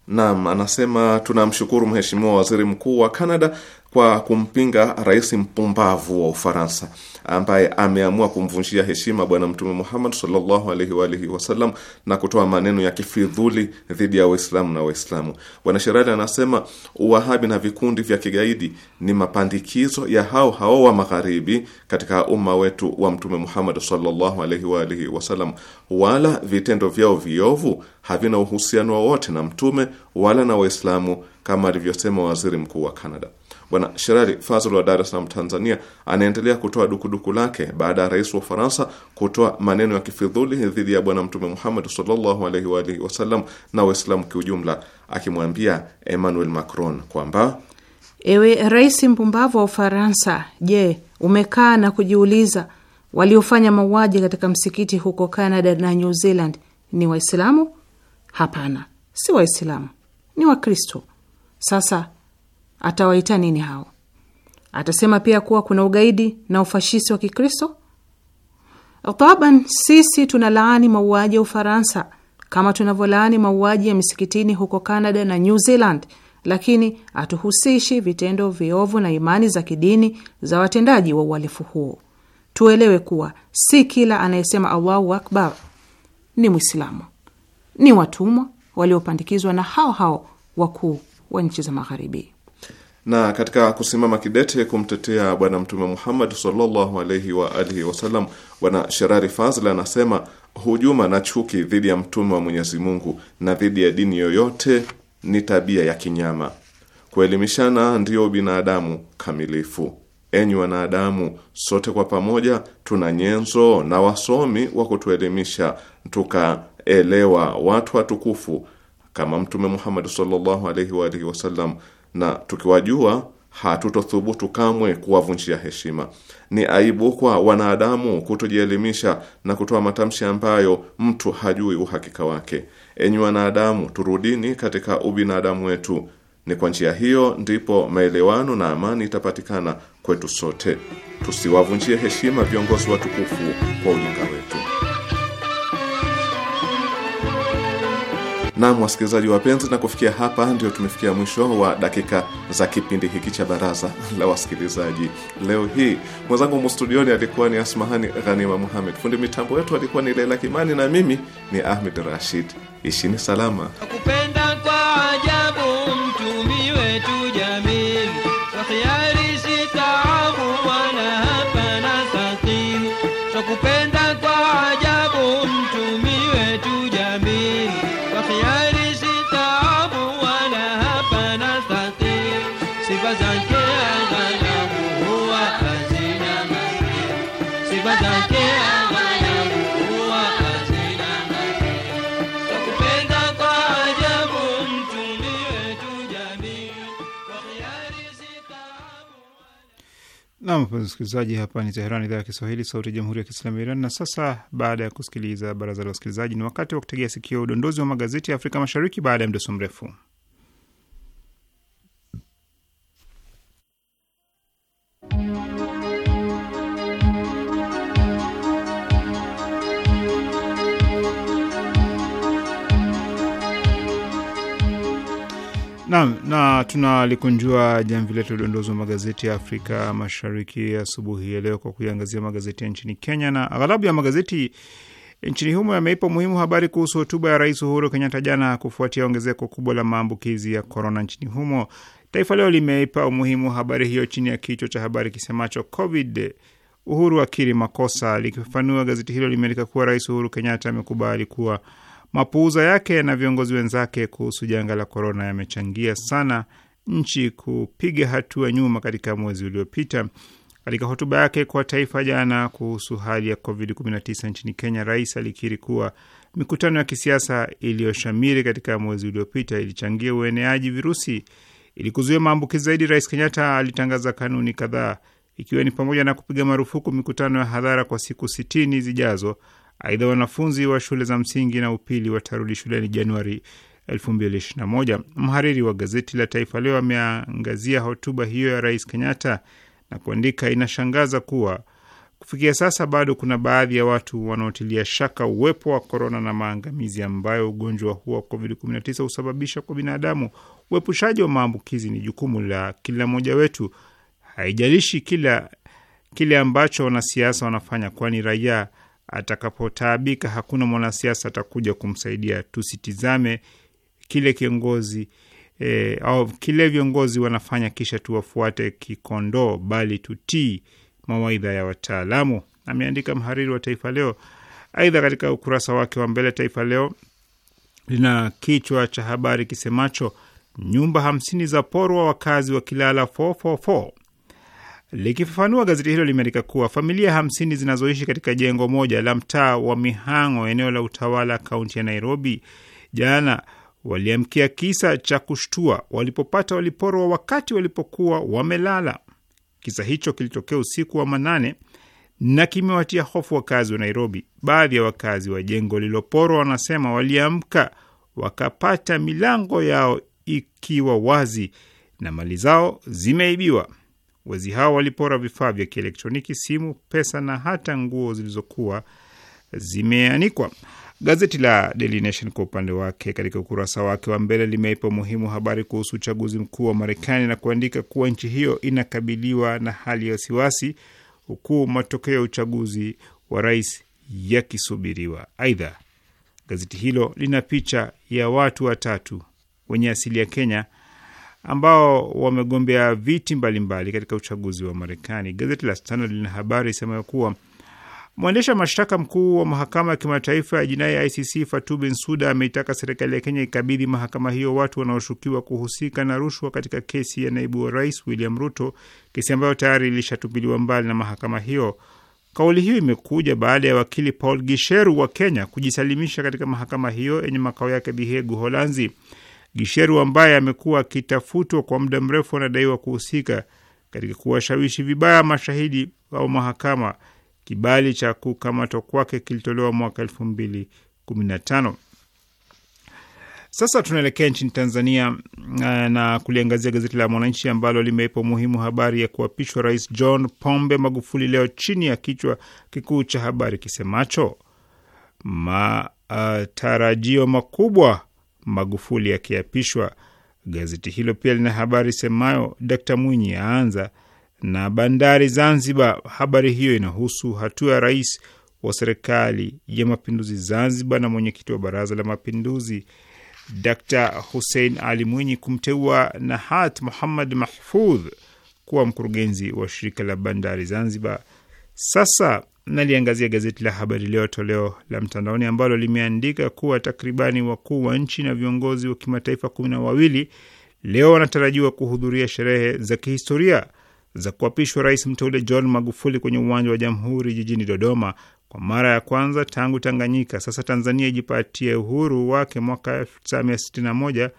nam, anasema tunamshukuru Mheshimiwa Waziri Mkuu wa canada kwa kumpinga rais mpumbavu wa Ufaransa ambaye ameamua kumvunjia heshima Bwana Mtume Muhammad sallallahu alaihi wa alihi wasallam na kutoa maneno ya kifidhuli dhidi ya Waislamu na Waislamu. Bwana Sherali anasema uwahabi na vikundi vya kigaidi ni mapandikizo ya hao hao wa magharibi katika umma wetu wa Mtume Muhammad sallallahu alaihi wa alihi wasallam, wala vitendo vyao viovu havina uhusiano wowote na mtume wala na Waislamu, kama alivyosema waziri mkuu wa Canada. Bwana Sherali Fazl wa Dar es Salaam, Tanzania, anaendelea kutoa dukuduku lake baada ya rais wa Ufaransa kutoa maneno ya kifidhuli dhidi ya Bwana Mtume Muhammad sallallahu alaihi wa alihi wasallam na Waislamu kiujumla, akimwambia Emmanuel Macron kwamba ewe rais mpumbavu wa Ufaransa, je, umekaa na kujiuliza waliofanya mauaji katika msikiti huko Canada na New Zealand ni Waislamu? Hapana, si Waislamu, ni Wakristo. Sasa atawaita nini hao? Atasema pia kuwa kuna ugaidi na ufashisi wa Kikristo. Taban, sisi tunalaani mauaji ya Ufaransa kama tunavyolaani mauaji ya misikitini huko Canada na New Zealand, lakini hatuhusishi vitendo viovu na imani za kidini za watendaji wa uhalifu huo. Tuelewe kuwa si kila anayesema Allahu akbar ni Mwislamu. Ni watumwa waliopandikizwa na hao hao wakuu wa nchi za Magharibi na katika kusimama kidete kumtetea Bwana Mtume Muhammad sallallahu alaihi wa alihi wasallam, Bwana Sherari Fazl anasema hujuma na chuki dhidi ya mtume wa Mwenyezi Mungu na dhidi ya dini yoyote ni tabia ya kinyama. Kuelimishana ndiyo binadamu kamilifu. Enyi wanadamu, sote kwa pamoja tuna nyenzo na wasomi wa kutuelimisha tukaelewa watu watukufu kama Mtume Muhammad sallallahu alaihi wa alihi wasallam na tukiwajua hatutothubutu kamwe kuwavunjia heshima. Ni aibu kwa wanadamu kutojielimisha na kutoa matamshi ambayo mtu hajui uhakika wake. Enyi wanadamu, turudini katika ubinadamu wetu. Ni kwa njia hiyo ndipo maelewano na amani itapatikana kwetu sote. Tusiwavunjie heshima viongozi watukufu kwa ujinga wetu. Naam, wasikilizaji wapenzi, na kufikia hapa ndio tumefikia mwisho wa dakika za kipindi hiki cha baraza la wasikilizaji leo hii. Mwenzangu mustudioni alikuwa ni Asmahani Ghanima Muhamed, fundi mitambo wetu alikuwa ni Leila Kimani na mimi ni Ahmed Rashid. Ishini salama. Kupenda. wapenzi wasikilizaji, hapa ni Teheran, idhaa ya Kiswahili, sauti ya jamhuri ya kiislamu ya Iran. Na sasa baada ya kusikiliza baraza la wasikilizaji, ni wakati wa kutegea sikio udondozi wa magazeti ya Afrika Mashariki baada ya mdoso mrefu Naam, na tunalikunjua jamvi letu liondozwa magazeti ya Afrika Mashariki asubuhi ya leo kwa kuiangazia magazeti ya nchini Kenya, na aghalabu ya magazeti nchini humo yameipa umuhimu habari kuhusu hotuba ya Rais Uhuru Kenyatta jana kufuatia ongezeko kubwa la maambukizi ya korona nchini humo. Taifa Leo limeipa umuhimu habari hiyo chini ya kichwa cha habari kisemacho Covid Uhuru akiri makosa. Likifafanua, gazeti hilo limeandika kuwa Rais Uhuru Kenyatta amekubali kuwa Mapuuza yake na viongozi wenzake kuhusu janga la korona yamechangia sana nchi kupiga hatua nyuma katika mwezi uliopita. Katika hotuba yake kwa taifa jana kuhusu hali ya COVID-19 nchini Kenya, rais alikiri kuwa mikutano ya kisiasa iliyoshamiri katika mwezi uliopita ilichangia ueneaji virusi. Ili kuzuia maambukizi zaidi, Rais Kenyatta alitangaza kanuni kadhaa, ikiwa ni pamoja na kupiga marufuku mikutano ya hadhara kwa siku sitini zijazo, Aidha, wanafunzi wa shule za msingi na upili watarudi shuleni Januari 2021. Mhariri wa gazeti la Taifa Leo ameangazia hotuba hiyo ya Rais Kenyatta na kuandika, inashangaza kuwa kufikia sasa bado kuna baadhi ya watu wanaotilia shaka uwepo wa korona na maangamizi ambayo ugonjwa huo wa COVID-19 husababisha kwa binadamu. Uepushaji wa maambukizi ni jukumu la kila mmoja wetu, haijalishi kila kile ambacho wanasiasa wanafanya, kwani raia atakapotaabika, hakuna mwanasiasa atakuja kumsaidia. Tusitizame kile kiongozi e, au kile viongozi wanafanya kisha tuwafuate kikondoo, bali tutii mawaidha ya wataalamu, ameandika mhariri wa Taifa Leo. Aidha, katika ukurasa wake wa mbele Taifa Leo lina kichwa cha habari kisemacho nyumba hamsini za porwa wakazi kilala 444. Likifafanua, gazeti hilo limeandika kuwa familia hamsini zinazoishi katika jengo moja la mtaa wa Mihang'o, eneo la Utawala, kaunti ya Nairobi, jana waliamkia kisa cha kushtua walipopata waliporwa wakati walipokuwa wamelala. Kisa hicho kilitokea usiku wa manane na kimewatia hofu wakazi wa Nairobi. Baadhi ya wakazi wa jengo lililoporwa wanasema waliamka wakapata milango yao ikiwa wazi na mali zao zimeibiwa. Wezi hao walipora vifaa vya kielektroniki, simu, pesa na hata nguo zilizokuwa zimeanikwa. Gazeti la Daily Nation kwa upande wake, katika ukurasa wake wa mbele limeipa umuhimu habari kuhusu uchaguzi mkuu wa Marekani na kuandika kuwa nchi hiyo inakabiliwa na hali ya wasiwasi, huku matokeo ya uchaguzi wa rais yakisubiriwa. Aidha, gazeti hilo lina picha ya watu watatu wenye asili ya Kenya ambao wamegombea viti mbalimbali mbali katika uchaguzi wa Marekani. Gazeti la Standard lina habari isemayo kuwa mwendesha mashtaka mkuu wa mahakama ya kimataifa ya jinai ICC Fatou Bensouda ameitaka serikali ya Kenya ikabidhi mahakama hiyo watu wanaoshukiwa kuhusika na rushwa katika kesi ya naibu wa rais William Ruto, kesi ambayo tayari ilishatupiliwa mbali na mahakama hiyo. Kauli hiyo imekuja baada ya wakili Paul Gisheru wa Kenya kujisalimisha katika mahakama hiyo yenye makao yake Bihegu, Holanzi. Gisheru ambaye amekuwa akitafutwa kwa muda mrefu anadaiwa kuhusika katika kuwashawishi vibaya mashahidi au mahakama. Kibali cha kukamatwa kwake kilitolewa mwaka elfu mbili kumi na tano. Sasa tunaelekea nchini Tanzania eh, na kuliangazia gazeti la Mwananchi ambalo limeipa umuhimu habari ya kuapishwa Rais John Pombe Magufuli leo chini ya kichwa kikuu cha habari kisemacho matarajio makubwa Magufuli akiapishwa. Gazeti hilo pia lina habari semayo Dkt Mwinyi aanza na bandari Zanzibar. Habari hiyo inahusu hatua ya rais wa serikali ya mapinduzi Zanzibar na mwenyekiti wa baraza la mapinduzi Dkt Hussein Ali Mwinyi kumteua Nahat Muhammad Mahfudh kuwa mkurugenzi wa shirika la bandari Zanzibar. Sasa naliangazia gazeti la Habari Leo toleo la mtandaoni ambalo limeandika kuwa takribani wakuu wa nchi na viongozi wa kimataifa kumi na wawili leo wanatarajiwa kuhudhuria sherehe za kihistoria za kuapishwa rais mteule John Magufuli kwenye uwanja wa Jamhuri jijini Dodoma kwa mara ya kwanza tangu Tanganyika sasa Tanzania ijipatie uhuru wake mwaka 1961.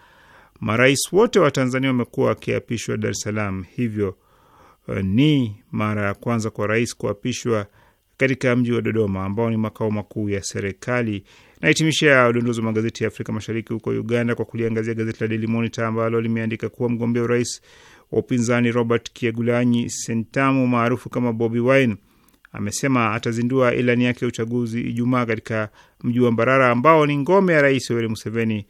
Marais wote wa Tanzania wamekuwa wakiapishwa Dar es Salaam, hivyo eh, ni mara ya kwanza kwa rais kuapishwa katika mji wa Dodoma ambao ni makao makuu ya serikali. Nahitimisha udondozi wa magazeti ya Afrika Mashariki huko Uganda kwa kuliangazia gazeti la Daily Monitor ambalo limeandika kuwa mgombea urais wa upinzani Robert kiagulanyi Sentamu maarufu kama Bobi Wine amesema atazindua ilani yake ya uchaguzi Ijumaa katika mji wa Mbarara ambao ni ngome ya Rais Yoweri Museveni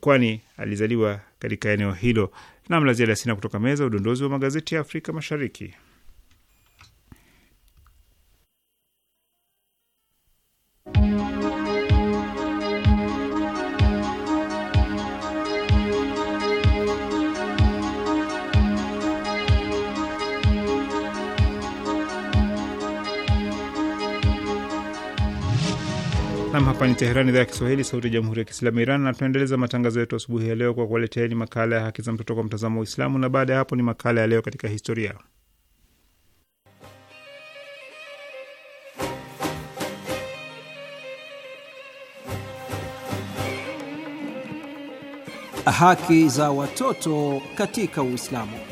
kwani alizaliwa katika eneo hilo. Namlaziada sina kutoka meza udondozi wa magazeti ya Afrika Mashariki. Hapa ni Teheran, idhaa ya Kiswahili, sauti ya jamhuri ya kiislamu ya Iran, na tunaendeleza matangazo yetu asubuhi ya leo kwa kuwaleteeni makala ya haki za mtoto kwa mtazamo wa Uislamu, na baada ya hapo ni makala ya leo katika historia. Haki za watoto katika Uislamu.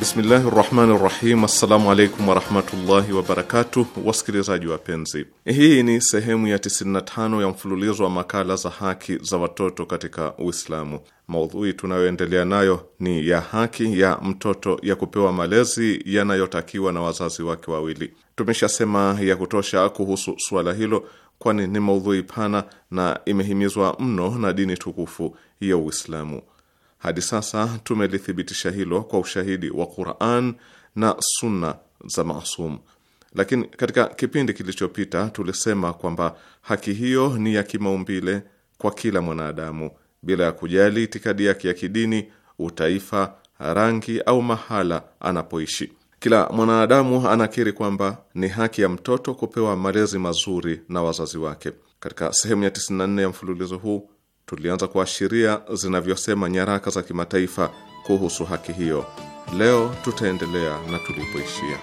Bismillahi rahmani rahim. Assalamu alaikum warahmatullahi wabarakatuh. Wasikilizaji wapenzi, hii ni sehemu ya 95 ya mfululizo wa makala za haki za watoto katika Uislamu. Maudhui tunayoendelea nayo ni ya haki ya mtoto ya kupewa malezi yanayotakiwa na wazazi wake wawili. Tumeshasema ya kutosha kuhusu suala hilo, kwani ni maudhui pana na imehimizwa mno na dini tukufu ya Uislamu. Hadi sasa tumelithibitisha hilo kwa ushahidi wa Quran na sunna za masum, lakini katika kipindi kilichopita tulisema kwamba haki hiyo ni ya kimaumbile kwa kila mwanadamu bila ya kujali itikadi yake ya kidini, utaifa, rangi au mahala anapoishi. Kila mwanadamu anakiri kwamba ni haki ya mtoto kupewa malezi mazuri na wazazi wake. Katika sehemu ya 94 ya mfululizo huu tulianza kuashiria zinavyosema nyaraka za kimataifa kuhusu haki hiyo. Leo tutaendelea na tulipoishia.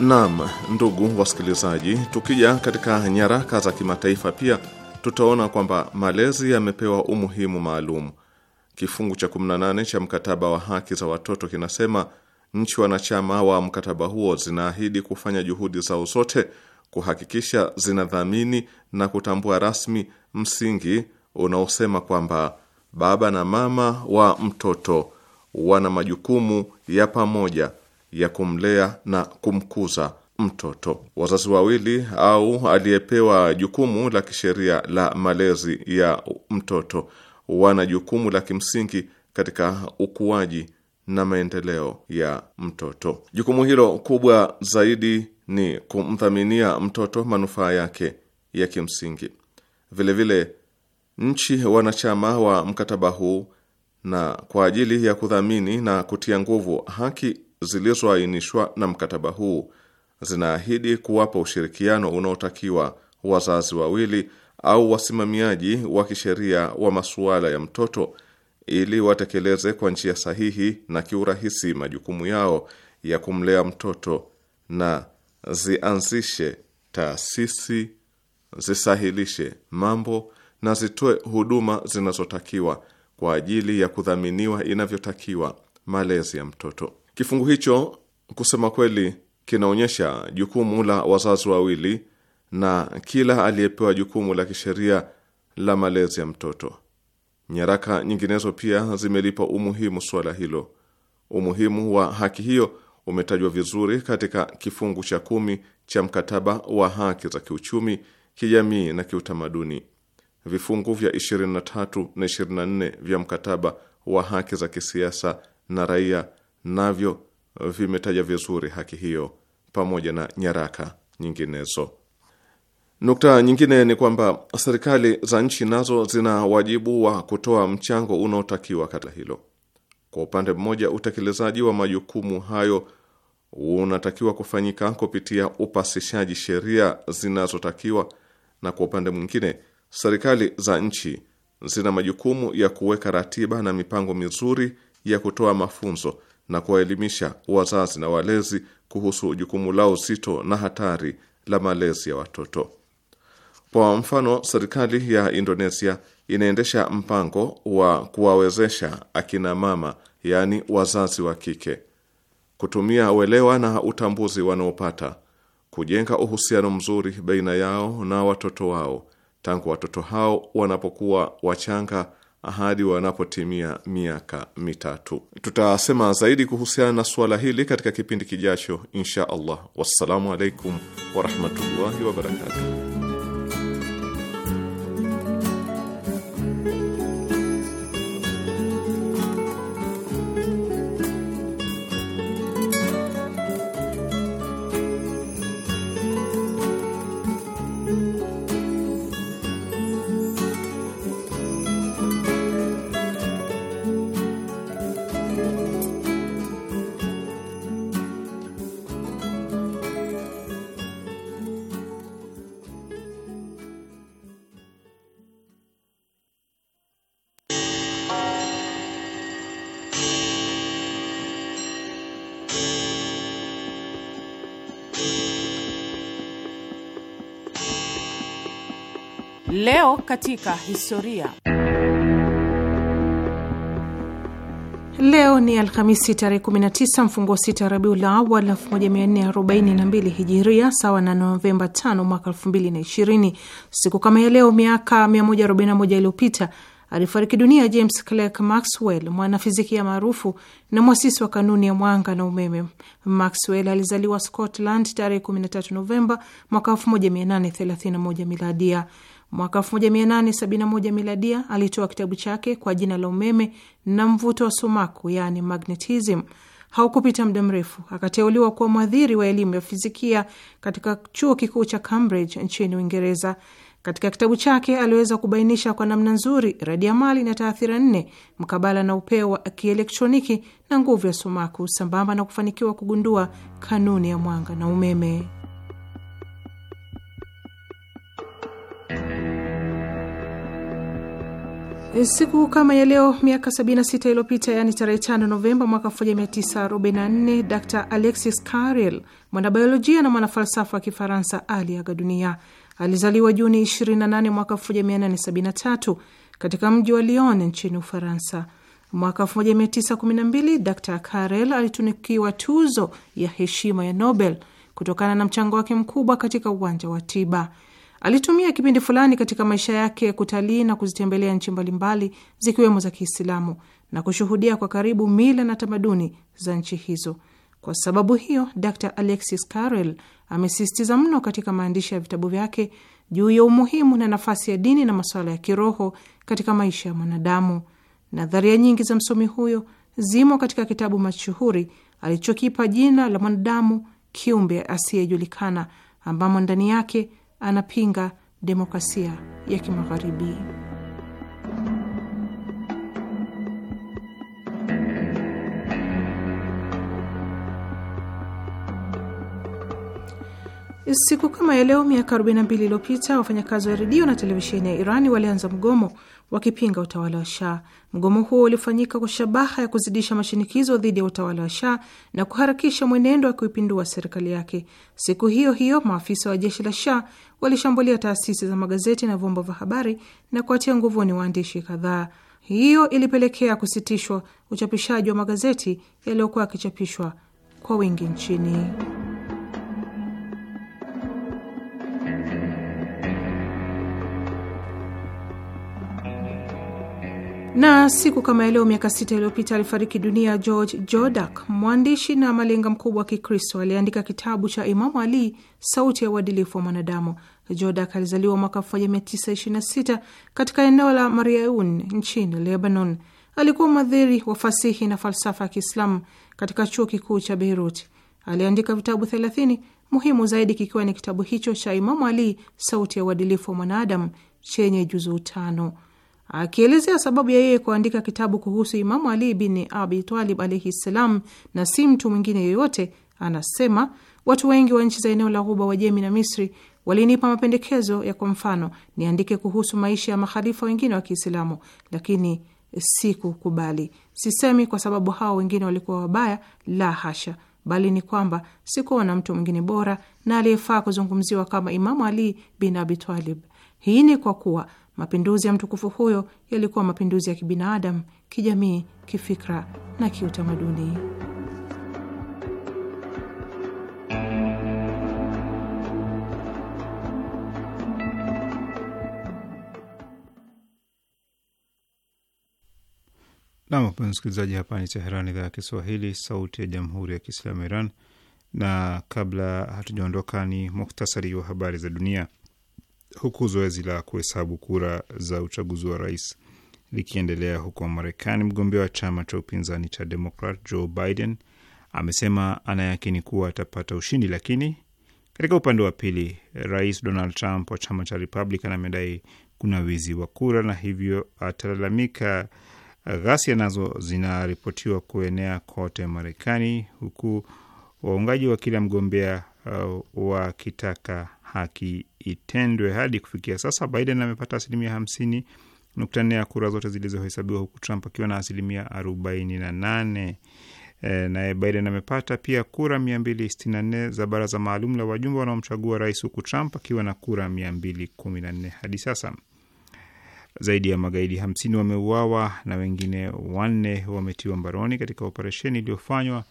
Naam, ndugu wasikilizaji, tukija katika nyaraka za kimataifa pia tutaona kwamba malezi yamepewa umuhimu maalum. Kifungu cha 18 cha mkataba wa haki za watoto kinasema nchi wanachama wa mkataba huo zinaahidi kufanya juhudi zao zote kuhakikisha zinadhamini na kutambua rasmi msingi unaosema kwamba baba na mama wa mtoto wana majukumu ya pamoja ya kumlea na kumkuza mtoto. Wazazi wawili au aliyepewa jukumu la kisheria la malezi ya mtoto wana jukumu la kimsingi katika ukuaji na maendeleo ya mtoto. Jukumu hilo kubwa zaidi ni kumthaminia mtoto manufaa yake ya kimsingi. Vilevile vile, nchi wanachama wa mkataba huu na kwa ajili ya kudhamini na kutia nguvu haki zilizoainishwa na mkataba huu zinaahidi kuwapa ushirikiano unaotakiwa wazazi wawili au wasimamiaji wa kisheria wa masuala ya mtoto ili watekeleze kwa njia sahihi na kiurahisi majukumu yao ya kumlea mtoto na zianzishe taasisi, zisahilishe mambo na zitoe huduma zinazotakiwa kwa ajili ya kudhaminiwa inavyotakiwa malezi ya mtoto. Kifungu hicho kusema kweli kinaonyesha jukumu la wazazi wawili na kila aliyepewa jukumu la kisheria la malezi ya mtoto. Nyaraka nyinginezo pia zimelipa umuhimu suala hilo. Umuhimu wa haki hiyo umetajwa vizuri katika kifungu cha kumi cha mkataba wa haki za kiuchumi, kijamii na kiutamaduni. Vifungu vya 23 na 24 vya mkataba wa haki za kisiasa na raia navyo vimetaja vizuri haki hiyo pamoja na nyaraka nyinginezo. Nukta nyingine ni kwamba serikali za nchi nazo zina wajibu wa kutoa mchango unaotakiwa kata hilo. Kwa upande mmoja, utekelezaji wa majukumu hayo unatakiwa kufanyika kupitia upasishaji sheria zinazotakiwa, na kwa upande mwingine, serikali za nchi zina majukumu ya kuweka ratiba na mipango mizuri ya kutoa mafunzo na kuwaelimisha wazazi na walezi kuhusu jukumu lao zito na hatari la malezi ya watoto. Kwa mfano, serikali ya Indonesia inaendesha mpango wa kuwawezesha akina mama, yaani wazazi wa kike, kutumia uelewa na utambuzi wanaopata kujenga uhusiano mzuri baina yao na watoto wao tangu watoto hao wanapokuwa wachanga hadi wanapotimia miaka mitatu. Tutasema zaidi kuhusiana na suala hili katika kipindi kijacho, insha Allah. Wassalamu alaikum warahmatullahi wabarakatuh. katika historia. Leo ni Alhamisi tarehe 19 mfungo sita Rabiul Awal 1442 Hijiria, sawa na Novemba 5 mwaka 2020. Siku kama ya leo miaka 141 iliyopita alifariki dunia James Clerk Maxwell, mwanafizikia maarufu na mwasisi wa kanuni ya mwanga na umeme. Maxwell alizaliwa Scotland tarehe 13 Novemba mwaka 1831 miladia. Mwaka 1871 miladia alitoa kitabu chake kwa jina la Umeme na Mvuto wa Sumaku, yaani magnetism. Haukupita muda mrefu akateuliwa kuwa mwadhiri wa elimu ya fizikia katika chuo kikuu cha Cambridge nchini Uingereza. Katika kitabu chake aliweza kubainisha kwa namna nzuri radiamali na taathira nne mkabala na upeo wa kielektroniki na nguvu ya sumaku, sambamba na kufanikiwa kugundua kanuni ya mwanga na umeme. E, siku kama ya leo miaka 76 iliyopita, yaani tarehe 5 Novemba mwaka 1944, Dr Alexis Carrel, mwanabiolojia na mwanafalsafa wa Kifaransa, aliaga dunia. Alizaliwa Juni 28 mwaka 1873 katika mji wa Lyon nchini Ufaransa. Mwaka 1912 Dr Carrel alitunikiwa tuzo ya heshima ya Nobel kutokana na mchango wake mkubwa katika uwanja wa tiba. Alitumia kipindi fulani katika maisha yake kutalii na kuzitembelea nchi mbalimbali zikiwemo za Kiislamu na kushuhudia kwa karibu mila na tamaduni za nchi hizo. Kwa sababu hiyo, Dr Alexis Carrel amesisitiza mno katika maandishi ya vitabu vyake juu ya umuhimu na nafasi ya dini na masuala ya kiroho katika maisha ya mwanadamu. Nadharia nyingi za msomi huyo zimo katika kitabu mashuhuri alichokipa jina la Mwanadamu Kiumbe Asiyejulikana, ambamo ndani yake anapinga demokrasia ya kimagharibi. Siku kama ya leo miaka 42 iliyopita wafanyakazi wa redio na televisheni ya Irani walianza mgomo wakipinga utawala wa Shah. Mgomo huo ulifanyika kwa shabaha ya kuzidisha mashinikizo dhidi ya utawala wa Shah na kuharakisha mwenendo wa kuipindua serikali yake. Siku hiyo hiyo, maafisa wa jeshi la Shah walishambulia taasisi za magazeti na vyombo vya habari na kuwatia nguvuni waandishi kadhaa. Hiyo ilipelekea kusitishwa uchapishaji wa magazeti yaliyokuwa yakichapishwa kwa wingi nchini. Na siku kama leo miaka sita iliyopita alifariki dunia George jodak mwandishi na malenga mkubwa wa Kikristo aliyeandika kitabu cha Imamu Ali, sauti ya uadilifu wa mwanadamu. jodak alizaliwa mwaka 1926 katika eneo la Mariaun nchini Lebanon. Alikuwa mwadhiri wa fasihi na falsafa ya Kiislamu katika chuo kikuu cha Beirut. Aliandika vitabu 30 muhimu zaidi kikiwa ni kitabu hicho cha Imamu Ali, sauti ya uadilifu wa mwanadamu chenye juzuu tano. Akielezea sababu ya yeye kuandika kitabu kuhusu Imamu Ali bin Abi Talib alaihi ssalam, na si mtu mwingine yoyote, anasema watu wengi wa nchi za eneo la Ghuba, Wajemi na Misri walinipa mapendekezo ya, kwa mfano, niandike kuhusu maisha ya makhalifa wengine wa Kiislamu, lakini sikukubali. Sisemi kwa sababu hao wengine walikuwa wabaya, la hasha, bali ni kwamba sikuona mtu mwingine bora na aliyefaa kuzungumziwa kama Imamu Ali bin Abi Talib. Hii ni kwa kuwa Mapinduzi ya mtukufu huyo yalikuwa mapinduzi ya kibinadamu, kijamii, kifikra na kiutamaduni. Nam, msikilizaji, hapa ni Teheran, idhaa ya Kiswahili, sauti ya jamhuri ya kiislamu Iran. Na kabla hatujaondoka, ni muhtasari wa habari za dunia huku zoezi la kuhesabu kura za uchaguzi wa rais likiendelea huko Marekani, mgombea wa chama cha upinzani cha Demokrat Joe Biden amesema anayakini kuwa atapata ushindi, lakini katika upande wa pili, rais Donald Trump wa chama cha Republican amedai kuna wizi wa kura na hivyo atalalamika ghasia nazo zinaripotiwa kuenea kote Marekani, huku waungaji wa kila mgombea uh, wakitaka haki itendwe. Hadi kufikia sasa, Biden amepata asilimia hamsini nukta nne ya kura zote zilizohesabiwa huku Trump akiwa na asilimia arobaini na nane. Eh, naye Biden amepata pia kura 264 za baraza maalum la wajumbe wanaomchagua rais, huku Trump akiwa na kura 214. Hadi sasa zaidi ya magaidi 50 wameuawa na wengine wanne wametiwa mbaroni katika operesheni iliyofanywa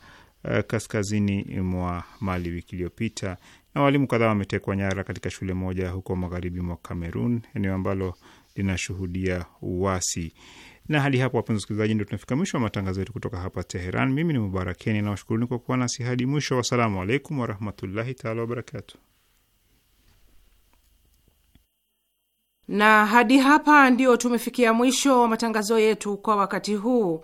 uh, kaskazini mwa Mali wiki iliyopita na walimu kadhaa wametekwa nyara katika shule moja huko magharibi mwa Kamerun, eneo ambalo linashuhudia uasi. Na hadi hapo, wapenzi wasikilizaji, ndio tunafika mwisho wa matangazo yetu kutoka hapa Teheran. Mimi ni Mubarakeni nawashukuruni kwa kuwa nasi hadi mwisho. Wassalamu alaikum warahmatullahi taala wabarakatu. Na hadi hapa ndio tumefikia mwisho wa matangazo yetu kwa wakati huu.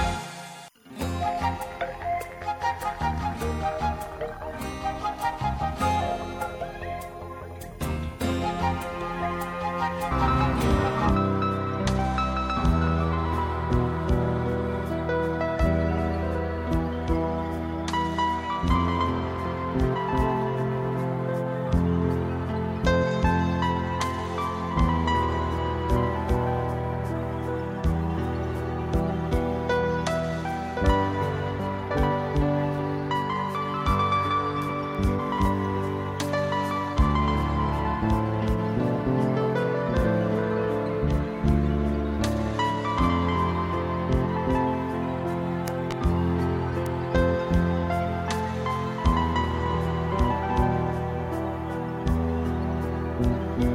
Thank you.